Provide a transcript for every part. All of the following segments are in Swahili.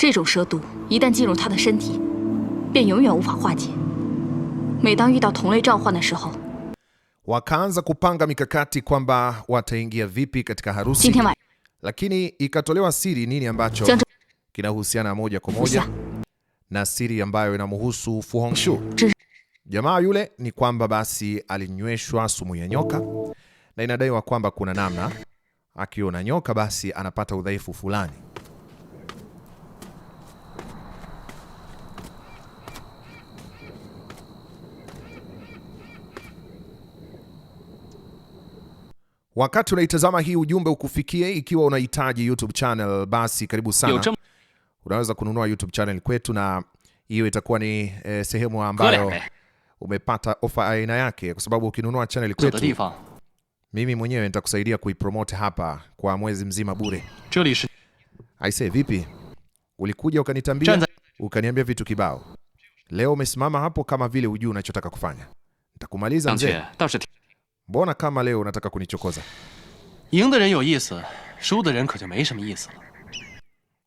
这种蛇毒一旦进入他的身体，便永远无法化解。每当遇到同类召唤的时候，wakaanza kupanga mikakati kwamba wataingia vipi katika harusi, lakini ikatolewa siri nini ambacho kinahusiana moja kwa moja na siri ambayo inamhusu Fu Hongxue. Jamaa yule ni kwamba basi alinyweshwa sumu ya nyoka, na inadaiwa kwamba kuna namna akiona nyoka basi anapata udhaifu fulani. Wakati unaitazama hii ujumbe ukufikie, ikiwa unahitaji YouTube channel, basi karibu sana, unaweza kununua YouTube channel kwetu, na hiyo itakuwa ni eh, sehemu ambayo umepata ofa aina yake, kwa sababu ukinunua channel kwetu, mimi mwenyewe nitakusaidia kuipromote hapa kwa mwezi mzima bure. I say, vipi? Ulikuja ukanitambia, ukaniambia vitu kibao. Leo umesimama hapo kama vile hujui unachotaka kufanya. Nitakumaliza mzee. Mbona kama leo unataka kunichokoza?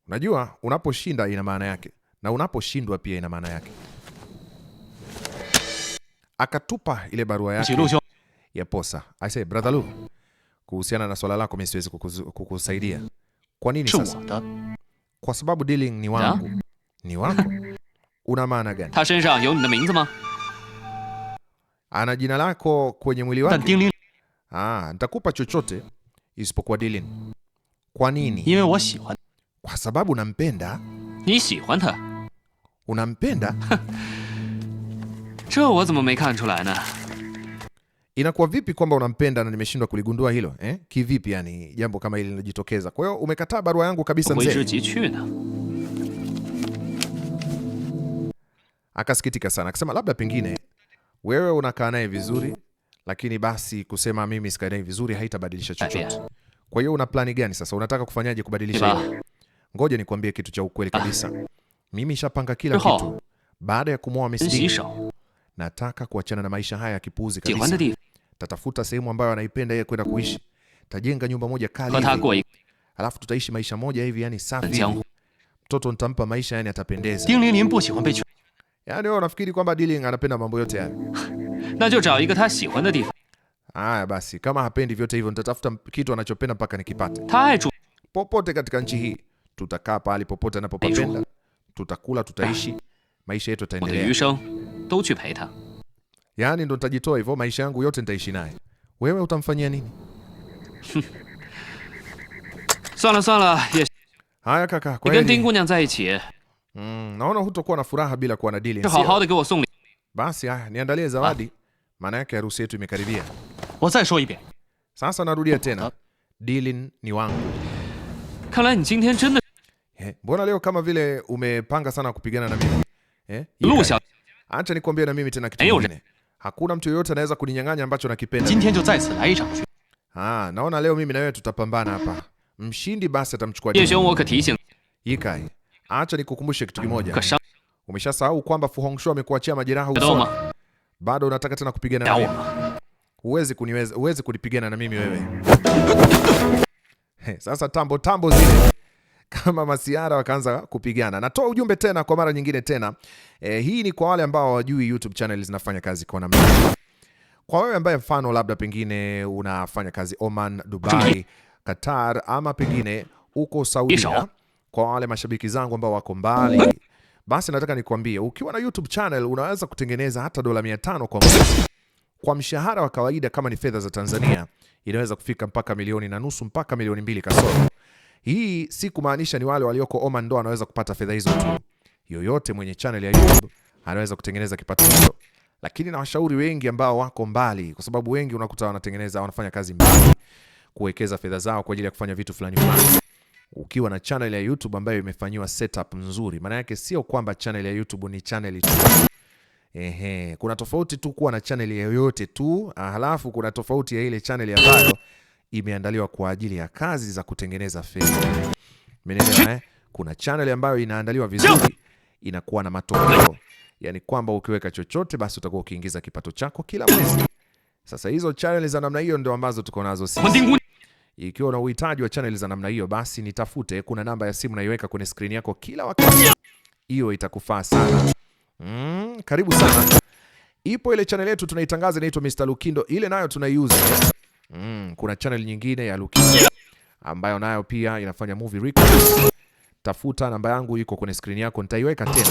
Unajua, unaposhinda ina maana yake na unaposhindwa pia ina maana yake. Akatupa ile barua yake ya posa. I say, brother Lu, kuhusiana na swala lako mimi siwezi kukusaidia. Kwa nini sasa? Kwa sababu dealing ni wangu. Ni wangu. Una maana gani? ana jina lako kwenye mwili wake. Ah, nitakupa chochote isipokuwa Dilin. Kwa nini? Kwa sababu nampenda. Unampenda? Inakuwa vipi kwamba unampenda na nimeshindwa kuligundua hilo eh? Kivipi yani jambo kama hili linajitokeza? Kwa hiyo umekataa barua yangu kabisa mzee. Akasikitika sana akasema labda pengine wewe unakaa naye vizuri, lakini basi kusema mimi sikai naye vizuri haitabadilisha ah, chochote. Kwa hiyo una plani gani sasa? Unataka kufanyaje kubadilisha hilo? Ngoja nikwambie kitu cha ukweli ah. kabisa. Mimi nishapanga kila kitu. Baada ya kumwoa Messi, nataka kuachana na maisha haya ya kipuuzi kabisa. Tatafuta sehemu ambayo anaipenda yeye kwenda kuishi. Tajenga nyumba moja kali. Alafu tutaishi maisha moja hivi yani safi. Mtoto nitampa maisha yani atapendeza yaani wewe unafikiri kwamba Dilling anapenda mambo yote haya? Yaani? Haya basi, kama hapendi vyote hivyo, nitatafuta kitu anachopenda mpaka nikipate. Popote katika nchi hii tutakaa pahali popote anapopapenda, tutakula, tutaishi, maisha yetu yataendelea. Yaani ndo nitajitoa hivyo, maisha yangu yote nitaishi naye. Wewe utamfanyia nini? Haya kaka, kwa hiyo Mm, naona hutakuwa na furaha bila kuwa na dili. Basi haya, niandalie zawadi. Maana yake harusi yetu imekaribia. Sasa narudia tena. Ah. Dili ni wangu. Eh, mbona leo kama vile umepanga sana kupigana na mimi? Eh? Acha nikwambie na mimi tena kitu eh, kingine. Hakuna mtu yoyote anaweza kuninyang'anya ambacho nakipenda. Ah, naona leo mimi na wewe tutapambana hapa. Mshindi basi atamchukua. Yikai acha nikukumbushe kitu kimoja. Umeshasahau kwamba Fu Hongxue amekuachia majeraha usoni. Bado unataka tena kupigana na mimi? Huwezi kuniweza, huwezi kunipigana na mimi wewe. He, sasa tambo tambo zile kama masiara wakaanza kupigana. Natoa ujumbe tena kwa mara nyingine tena. E, hii ni kwa wale ambao hawajui YouTube channel zinafanya kazi kwa namna gani. Kwa wewe ambaye mfano labda pengine unafanya kazi Oman, Dubai, Qatar ama pengine uko Saudi Arabia kwa wale mashabiki zangu ambao wako mbali, basi nataka nikwambie, ukiwa na YouTube channel unaweza kutengeneza hata dola 500 kwa mwezi kwa mshahara wa kawaida, kama ni fedha za Tanzania inaweza kufika mpaka milioni na nusu mpaka milioni mbili kasoro. Hii si kumaanisha ni wale walioko Oman ndo anaweza kupata fedha hizo tu. Yoyote mwenye channel ya YouTube anaweza kutengeneza kipato hicho, lakini na washauri wengi ambao wako mbali, kwa sababu wengi unakuta wanatengeneza wanafanya kazi mbali, kuwekeza fedha zao kwa ajili ya kufanya vitu fulani fulani ukiwa na channel ya YouTube ambayo imefanyiwa setup nzuri. Maana yake sio kwamba channel ya YouTube ni channel tu. Ehe, kuna tofauti tu kuwa na channel yoyote tu, halafu kuna tofauti ya ile channel ambayo imeandaliwa kwa ajili ya kazi za kutengeneza fedha. Umeelewa eh? Kuna channel ambayo inaandaliwa vizuri inakuwa na matokeo, yani kwamba ukiweka chochote basi utakuwa ukiingiza kipato chako kila mwezi. Sasa hizo channel za namna hiyo ndio ambazo tuko nazo sisi. Ikiwa na uhitaji wa channel za namna hiyo, basi nitafute. Kuna namba ya simu naiweka kwenye screen yako kila wakati, hiyo itakufaa sana. Mm, karibu sana. Ipo ile channel yetu tunaitangaza inaitwa Mr Lukindo, ile nayo tunaiuza. Mm, kuna channel nyingine ya Lukindo ambayo nayo pia inafanya movie records. Tafuta namba yangu iko kwenye screen yako, nitaiweka tena.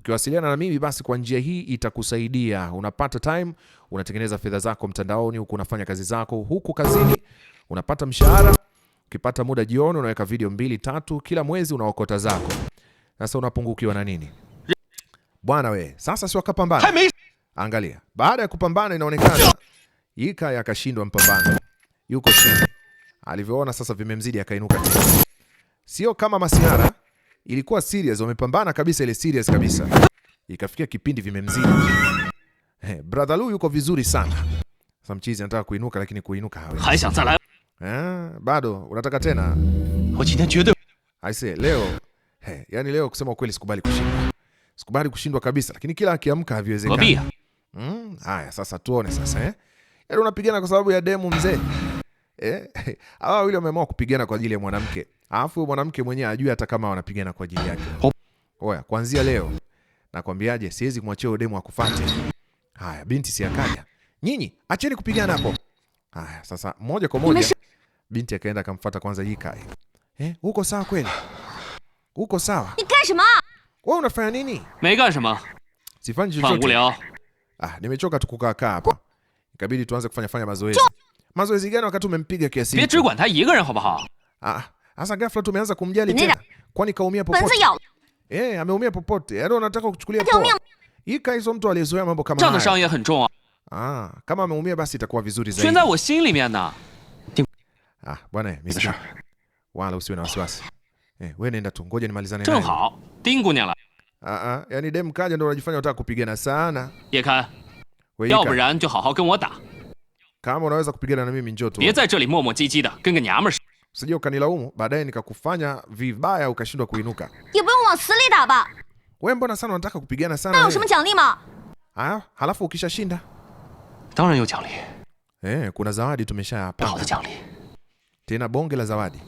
Ukiwasiliana na mimi basi kwa njia hii itakusaidia. Unapata time, unatengeneza fedha zako mtandaoni, huku unafanya kazi zako huku kazini. Unapata mshahara, ukipata muda jioni unaweka video mbili tatu kila mwezi, unaokota zako. Sasa unapungukiwa na nini bwana we? Sasa si wakapambana, angalia, baada ya kupambana inaonekana Yika akashindwa mpambano, yuko chini. Alivyoona sasa vimemzidi, akainuka tena. Sio kama Masiara, ilikuwa serious, wamepambana kabisa, ile serious kabisa. Ikafikia kipindi vimemzidi. Hey, eh, brother Lu yuko vizuri sana. Sasa mchizi anataka kuinuka, lakini kuinuka hawezi. Eh, bado unataka tena? I say, leo Hey, yani leo kusema ukweli sikubali kushindwa. Sikubali kushindwa kabisa, lakini kila akiamka haviwezekani. Mm, haya sasa tuone sasa eh. Yaani unapigana kwa sababu ya demu mzee. Eh, hawa wawili wameamua kupigana kwa ajili ya mwanamke. Alafu mwanamke mwenyewe ajui hata kama wanapigana kwa ajili yake. Oya, kuanzia leo nakwambiaje, siwezi kumwachia demu akufuate. Haya, binti si akaja. Nyinyi acheni kupigana hapo. Haya sasa moja kwa moja Binti akaenda akamfuata kwanza Ye Kai. Eh, uko sawa kweli? Uko sawa? Wewe unafanya nini? Sifanyi chochote. Ah, nimechoka tu kukaa hapa. Ikabidi tuanze kufanya fanya mazoezi. Mazoezi gani wakati umempiga kiasi hicho? Ah, sasa ghafla tumeanza kumjali tena. Kwani kaumia popote? Eh, ameumia popote. Yaani unataka kuchukulia poa. Ye Kai sio mtu aliyezoea mambo kama haya. Ah, kama ameumia basi itakuwa vizuri zaidi. Ah, bwana, mimi wala usiwe na wasiwasi. Eh, wewe nenda tu, ngoja nimalizane naye. Hao, Dingu nyala. Ah ah, yani dem kaja ndo unajifanya unataka kupigana sana. Ye kan. Yao buran jo hao gen wo da. Kama unaweza kupigana na mimi njoo tu. Bie zai zhe li momo jiji de, gen ge nyama. Usije ukanilaumu baadaye nikakufanya vibaya ukashindwa kuinuka. Ye bu yong wang si li da ba. Wewe mbona sana unataka kupigana sana? Na shima jiangli ma? Ah, halafu ukishashinda. Dangran you jiangli. Eh, kuna zawadi tumeshapanga tena bonge la zawadi.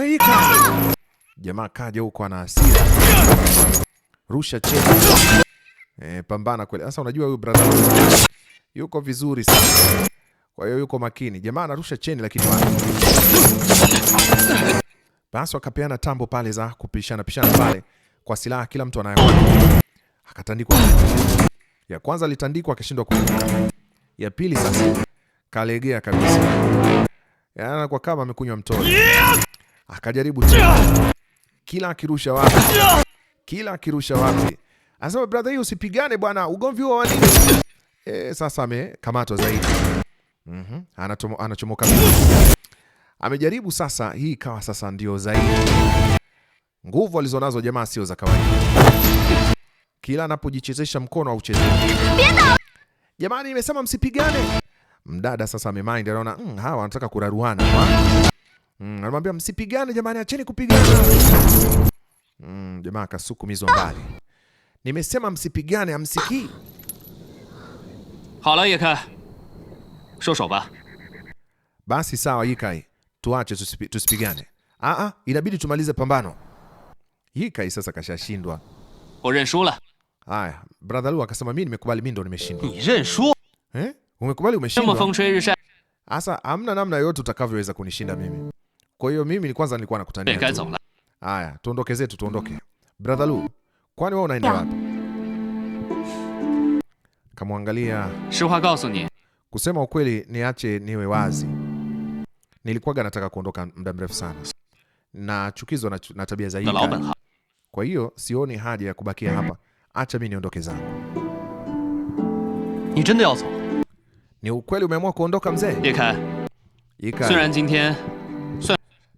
Eh, Jamaa kaja huko ana hasira. Rusha cheni. Eh, pambana kweli. Sasa unajua huyu brother yuko vizuri sana. Kwa hiyo yuko makini. Jamaa anarusha cheni lakini wapi? Basi wakapeana tambo pale za kupishana pishana pale kwa silaha kila mtu anayo. Akatandikwa. Ya kwanza litandikwa akashindwa kuinuka. Ya pili sasa kalegea kabisa, yaani kwa kama amekunywa mtoto. Akajaribu kila akirusha wapi, kila akirusha wapi, anasema brother, hii usipigane bwana, ugomvi huo wa nini? E, sasa amekamatwa zaidi. Mm -hmm. Anachomoka, amejaribu sasa, hii ikawa sasa ndio zaidi. Nguvu alizonazo jamaa sio za kawaida, kila anapojichezesha mkono au chezea. Jamani, nimesema msipigane. Mdada sasa amemind, anaona mm, hawa wanataka kuraruana. Mm, anamwambia msipigane jamani, acheni kupigana. Mm, jamaa akasukumizwa mbali. Nimesema msipigane, amsikii. Hala Yekai. Shosho ba. Basi sawa Yekai. Tuache tusipi, tusipigane. Ah ah, inabidi tumalize pambano. Yekai sasa kashashindwa. Haya, brother Lu akasema mimi nimekubali, mimi ndo nimeshindwa. Ni renshu. Eh? Umekubali, umeshindwa. Kama feng risha. Asa, hamna namna yote utakavyoweza kunishinda mimi. Kwa hiyo mimi ni kwanza nilikuwa nakutania tu. Haya, tuondoke zetu, tuondoke. Brother Lu, kwani wewe unaenda wapi? Kamwangalia. Kusema ukweli, niache niwe wazi. Nilikuwaga nataka kuondoka muda mrefu sana. Nachukizwa na tabia za hii. Kwa hiyo sioni haja ya kubakia hapa. Acha mimi niondoke zangu. Ni yao ni ukweli umeamua kuondoka mzee?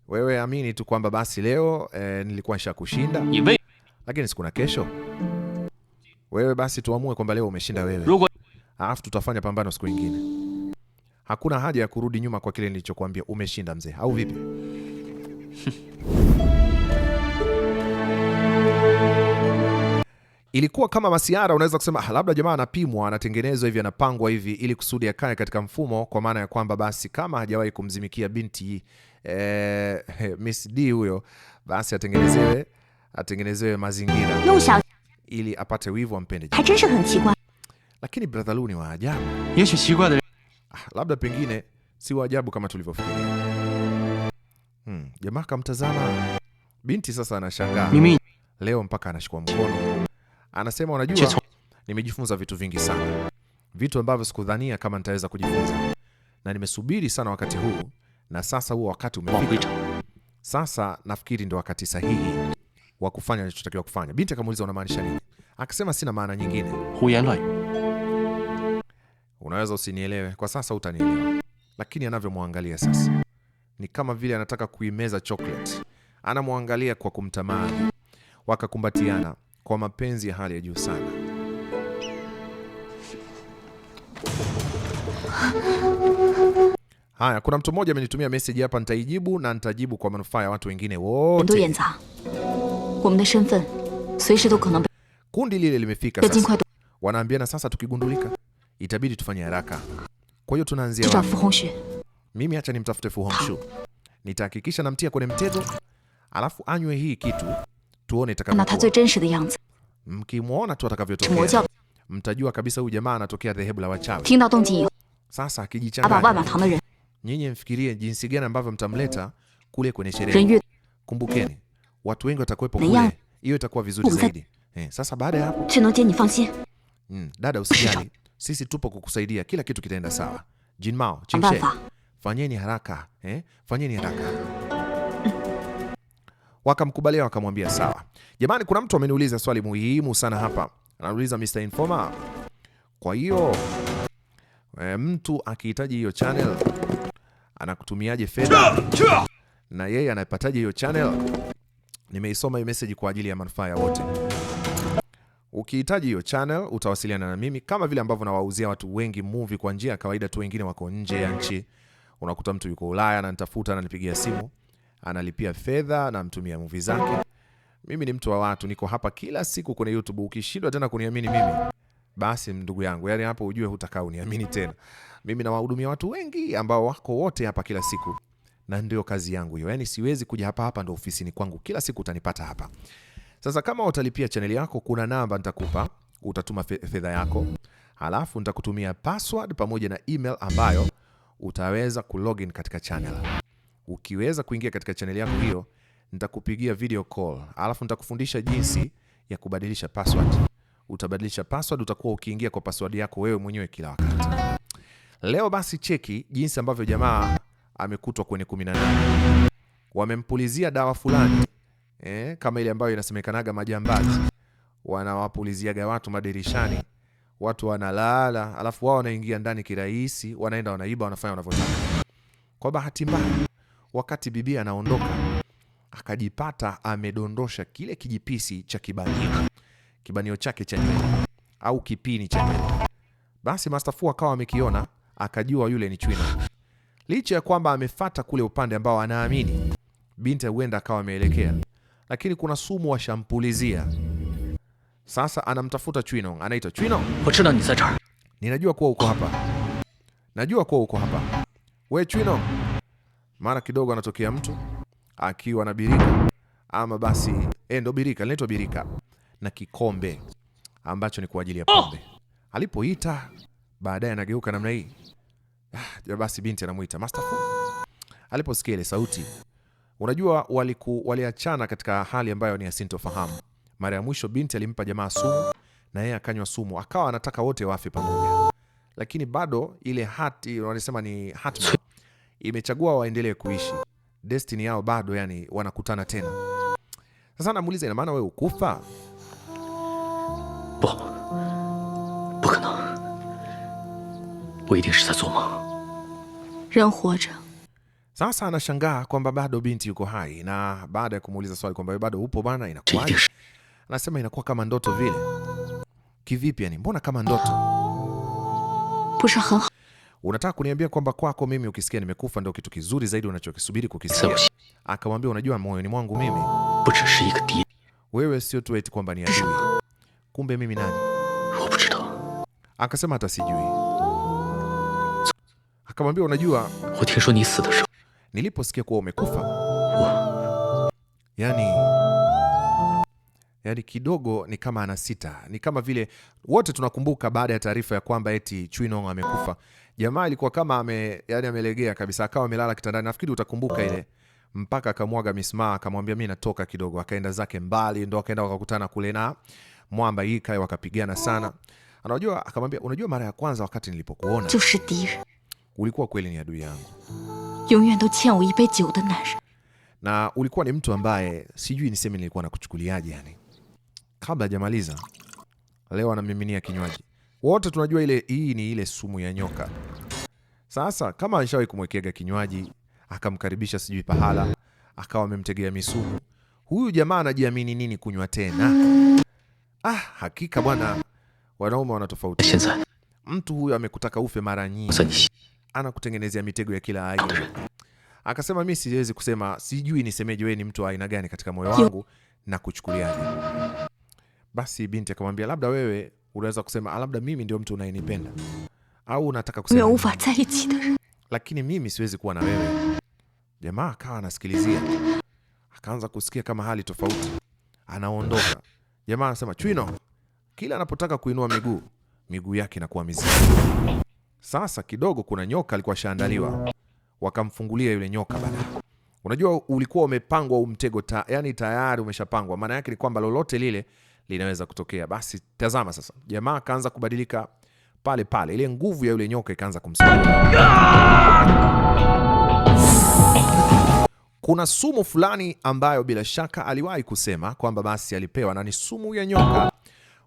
Wewe amini tu kwamba basi leo eh, nilikuwa nisha kushinda, lakini sikuna kesho. Wewe basi tuamue kwamba leo umeshinda wewe, alafu tutafanya pambano siku nyingine. Hakuna haja ya kurudi nyuma kwa kile nilichokuambia. Umeshinda mzee, au vipi? Ilikuwa kama masiara, unaweza kusema ah, labda jamaa anapimwa, anatengenezwa hivi, anapangwa hivi ili kusudi akae katika mfumo, kwa maana ya kwamba basi kama hajawahi kumzimikia binti eh, Miss D huyo, basi atengenezewe atengenezewe mazingira ili apate wivu, ampende. Lakini brother Lu ni wa ajabu, ah, labda pengine si wa ajabu kama tulivyofikiria. Hmm, jamaa kamtazama binti, sasa anashangaa leo mpaka anashikwa mkono Anasema unajua, nimejifunza vitu vingi sana, vitu ambavyo sikudhania kama nitaweza kujifunza, na nimesubiri sana wakati huu, na sasa huo wakati umefika. Sasa nafikiri ndio wakati sahihi wa kufanya ninachotakiwa kufanya. Binti akamuuliza unamaanisha nini? Akasema sina maana nyingine, unaweza usinielewe kwa sasa, utanielewa. Lakini anavyomwangalia sasa ni kama vile anataka kuimeza chocolate, anamwangalia kwa kumtamani, wakakumbatiana kwa mapenzi ya hali ya juu sana. Haya, kuna mtu mmoja amenitumia message hapa, nitaijibu na nitajibu kwa manufaa ya watu wengine wote. Kundi lile limefika sasa, wanaambiana sasa, tukigundulika itabidi tufanye haraka. Kwa hiyo tunaanzia mimi, acha nimtafute Fu Hongxue, nitahakikisha namtia kwenye mtego, alafu anywe hii kitu tuone itakavyokuwa. Mkimwona tu atakavyotokea, mtajua kabisa huyu jamaa anatokea dhehebu la wachawi. Sasa akijichanganya, nyinyi mfikirie jinsi gani ambavyo mtamleta kule kwenye sherehe. Kumbukeni watu wengi watakuwepo kule, hiyo itakuwa vizuri zaidi. Eh, sasa baada ya hapo, mm, dada usijali, sisi tupo kukusaidia, kila kitu kitaenda sawa. Jin Mao, Ching She, fanyeni haraka eh, fanyeni haraka wakamkubalia, wakamwambia sawa. Jamani, kuna mtu ameniuliza swali muhimu sana hapa, anauliza Mr. Informer, kwa hiyo e, mtu akihitaji hiyo channel anakutumiaje fedha na yeye anapataje hiyo channel? Nimeisoma hiyo message kwa ajili ya manufaa ya wote. Ukihitaji hiyo channel utawasiliana na mimi kama vile ambavyo nawauzia watu wengi movie kwa njia ya kawaida tu, wengine wako nje ya nchi, unakuta mtu yuko Ulaya na nitafuta simu analipia fedha na mtumia movie zake. Mimi ni mtu wa watu, niko hapa kila siku kwenye YouTube. Ukishindwa tena kuniamini mimi, basi ndugu yangu, yani hapo ujue hutakaa uniamini tena. Mimi nawahudumia watu wengi ambao wako wote hapa kila siku, na ndio kazi yangu hiyo. Yani siwezi kuja hapa hapa, ndo ofisini kwangu, kila siku utanipata hapa. Sasa kama utalipia chaneli yako, kuna namba nitakupa, utatuma fedha yako, halafu nitakutumia password pamoja na email ambayo utaweza kulogin katika channel. Ukiweza kuingia katika chaneli yako hiyo, nitakupigia video call, alafu nitakufundisha jinsi ya kubadilisha password. Utabadilisha password, utakuwa ukiingia kwa password yako wewe mwenyewe kila wakati. Leo basi cheki jinsi ambavyo jamaa amekutwa kwenye 18 wamempulizia dawa fulani eh, kama ile ambayo inasemekanaga majambazi wanawapuliziaga watu madirishani, watu wanalala, alafu wao wanaingia ndani kirahisi, wanaenda wanaiba, wanafanya wanavyotaka. Kwa bahati mbaya wakati bibi anaondoka, akajipata amedondosha kile kijipisi cha kibanio, kibanio chake cha nywele au kipini cha nywele. Basi Master Fu akawa amekiona, akajua yule ni Chwina, licha ya kwamba amefata kule upande ambao anaamini binti huenda akawa ameelekea, lakini kuna sumu washampulizia. Sasa anamtafuta Chwino, anaitwa Chwino, ninajua kuwa uko hapa, najua kuwa uko hapa, we Chwino mara kidogo anatokea mtu akiwa na birika ama basi eh, ndo birika linaitwa birika na kikombe ambacho ni kwa ajili ya oh! pombe. Alipoita baadaye anageuka namna hii. Ah, basi binti anamuita Master Fu. Aliposikia ile sauti, unajua waliku, waliachana katika hali ambayo ni asintofahamu. Mara ya mwisho binti alimpa jamaa sumu na yeye akanywa sumu, akawa anataka wote wafe pamoja, lakini bado ile hati wanasema ni hatma imechagua waendelee kuishi, destiny yao bado, yani wanakutana tena. Sasa namuuliza, ina maana wewe ukufa? Sasa anashangaa kwamba bado binti yuko hai, na baada ya kumuuliza swali kwamba wewe bado upo bana, inakuwa anasema inakuwa kama ndoto vile. Kivipi yani? Mbona kama ndoto? Unataka kuniambia kwamba kwako mimi ukisikia nimekufa ndio kitu kizuri zaidi unachokisubiri kukisikia? Akamwambia, unajua moyoni mwangu mimi oh, wewe sio tu eti kwamba ni adui, kumbe mimi nani? Oh, Akasema hata sijui. Akamwambia, unajua niliposikia kuwa umekufa, yani Yani kidogo ni kama ana sita, ni kama vile wote tunakumbuka baada ya taarifa ya kwamba eti Chui Nong amekufa, Jamaa alikuwa kama ame, yani amelegea kabisa, akawa amelala kitandani. Nafikiri utakumbuka ile mpaka akamwaga mismaa, akamwambia mi natoka kidogo, akaenda zake mbali, ndo akaenda wakakutana kule na mwamba Yikae, wakapigana sana. Anajua akamwambia, unajua mara ya kwanza wakati nilipokuona ulikuwa kweli ni adui yangu na ulikuwa ni mtu ambaye sijui niseme nilikuwa nakuchukuliaje yani. Kabla hajamaliza leo anamiminia kinywaji wote tunajua ile hii ni ile sumu ya nyoka. Sasa kama alishawahi kumwekega kinywaji akamkaribisha sijui pahala akawa amemtegea misumu, huyu jamaa anajiamini nini kunywa tena? Ah, hakika bwana, wanaume wanatofautiana. Mtu huyu amekutaka ufe mara nyingi, anakutengenezea mitego ya kila aina. Akasema mi siwezi kusema, sijui nisemeje, wewe ni mtu wa aina gani katika moyo wangu na kuchukuliaje. Basi binti akamwambia labda wewe unaweza kusema ah, labda mimi ndio mtu unayenipenda au unataka kusema, lakini mimi siwezi kuwa na wewe. Jamaa akawa anasikilizia, akaanza kusikia kama hali tofauti, anaondoka. Jamaa anasema Chwino kila anapotaka kuinua miguu miguu yake inakuwa mizito. Sasa kidogo, kuna nyoka alikuwa shaandaliwa, wakamfungulia yule nyoka bana. Unajua ulikuwa umepangwa umtego ta, yani tayari umeshapangwa. Maana yake ni kwamba lolote lile linaweza kutokea. Basi tazama sasa, jamaa akaanza kubadilika pale pale, ile nguvu ya yule nyoka ikaanza kumsaidia. Kuna sumu fulani ambayo bila shaka aliwahi kusema kwamba basi alipewa, na ni sumu ya nyoka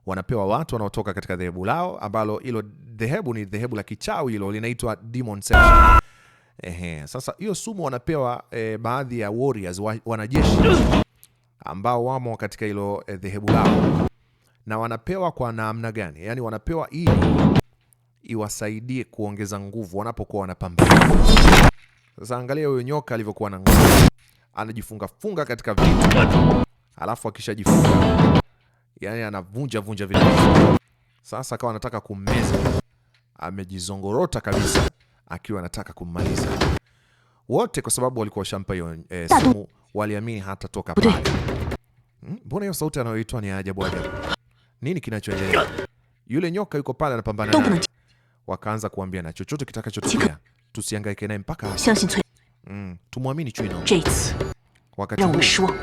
wanapewa watu wanaotoka katika dhehebu lao, ambalo hilo dhehebu ni dhehebu la kichawi, hilo linaitwa demon section. Ehe, sasa hiyo sumu wanapewa eh, baadhi ya warriors, wanajeshi ambao wamo katika hilo eh, dhehebu lao, na wanapewa kwa namna gani? Yani wanapewa ili iwasaidie kuongeza nguvu wanapokuwa wanapambana. Sasa angalia huyo nyoka alivyokuwa na nguvu, anajifunga funga katika vitu, alafu akishajifunga yani anavunja vunja vitu. Sasa akawa anataka kummeza, amejizongorota kabisa, akiwa anataka kummaliza wote, kwa sababu walikuwa washampa hiyo eh, sumu waliamini hatatoka pale. Hmm? Mbona hmm? hiyo sauti anayoitoa ni ajabu ajabu. Nini kinachoendelea? Yule nyoka yuko pale anapambana naye. Wakaanza kuambia na chochote kitakachotokea, tusihangaike naye mpaka mm, tumwamini chui na wakati huo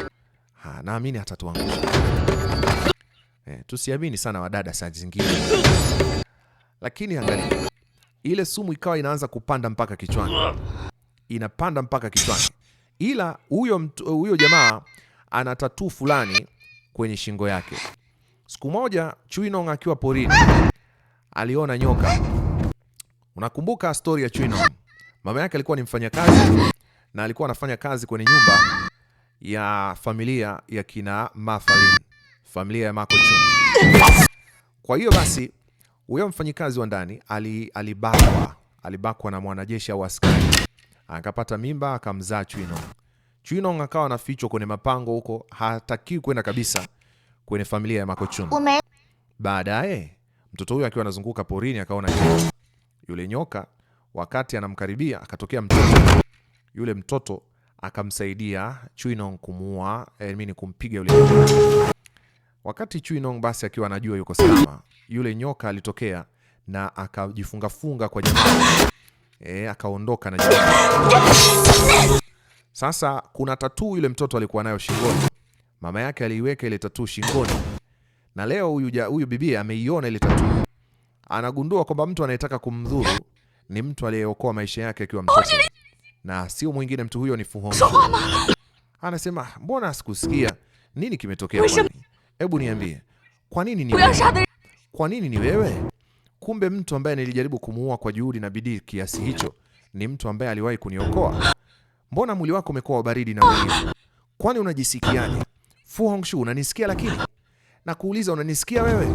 Ha, naamini hatatuangusha. Eh, tusiamini sana wadada saa zingine. Lakini angalia. Ile sumu ikawa inaanza kupanda mpaka kichwani. Inapanda mpaka kichwani ila huyo huyo jamaa ana tatuu fulani kwenye shingo yake. Siku moja Chwino akiwa porini aliona nyoka. Unakumbuka stori ya Chwino? Mama yake alikuwa ni mfanyakazi na alikuwa anafanya kazi kwenye nyumba ya familia ya kina Mafalin, familia ya Makocho. Kwa hiyo basi huyo mfanyikazi wa ndani alibakwa, alibakwa na mwanajeshi au askari akapata mimba akamzaa Chwino. Chwino akawa anafichwa kwenye mapango huko, hatakiwi kwenda kabisa kwenye familia ya makochuno. Baadaye mtoto huyo akiwa anazunguka porini akaona Yule nyoka wakati anamkaribia akatokea mtoto. Yule mtoto akamsaidia Chwinong kumuua, eh, mimi kumpiga yule nyoka. Wakati Chwinong basi akiwa anajua yuko salama, yule nyoka alitokea na akajifungafunga kwa jamaa e, akaondoka na jina. sasa kuna tatu yule mtoto alikuwa nayo shingoni, mama yake aliiweka ile tatu shingoni, na leo huyu huyu bibi ameiona ile tatu, anagundua kwamba mtu anayetaka kumdhuru ni mtu aliyeokoa maisha yake akiwa mtoto, na sio mwingine mtu huyo ni Fu Hongxue. Anasema, mbona sikusikia nini kimetokea? Hebu niambie, kwa nini ni wewe? Kwa nini ni wewe? Kumbe mtu ambaye nilijaribu kumuua kwa juhudi na bidii kiasi hicho ni mtu ambaye aliwahi kuniokoa. Mbona mwili wako umekuwa baridi na mwili? Kwani unajisikiaje? Fu Hongxue, unanisikia lakini? Na kuuliza unanisikia wewe?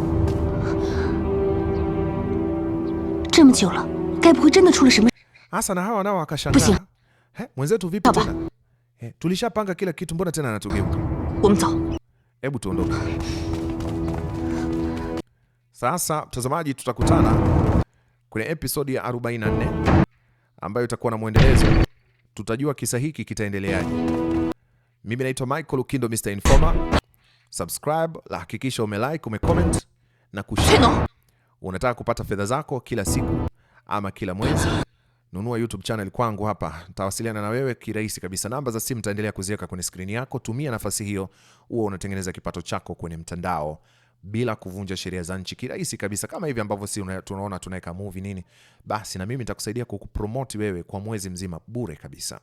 Hasa na hawa nao wakashangaa. He, mwenzetu vipi tena? He, tulishapanga kila kitu mbona tena anatugeuka? Hebu tuondoke. Sasa mtazamaji, tutakutana kwenye episodi ya 44 ambayo itakuwa na mwendelezo. Tutajua kisa hiki kitaendeleaje. Mimi naitwa Michael Lukindo, Mr Informer. Subscribe la hakikisha umelike, umecomment na kushare. Unataka kupata fedha zako kila siku ama kila mwezi? Nunua YouTube channel kwangu hapa, tawasiliana na wewe kirahisi kabisa. Namba za simu taendelea kuziweka kwenye skrini yako. Tumia nafasi hiyo, uwe unatengeneza kipato chako kwenye mtandao bila kuvunja sheria za nchi kirahisi kabisa, kama hivi ambavyo si tunaona tunaweka movie nini, basi na mimi nitakusaidia kukupromote wewe kwa mwezi mzima bure kabisa.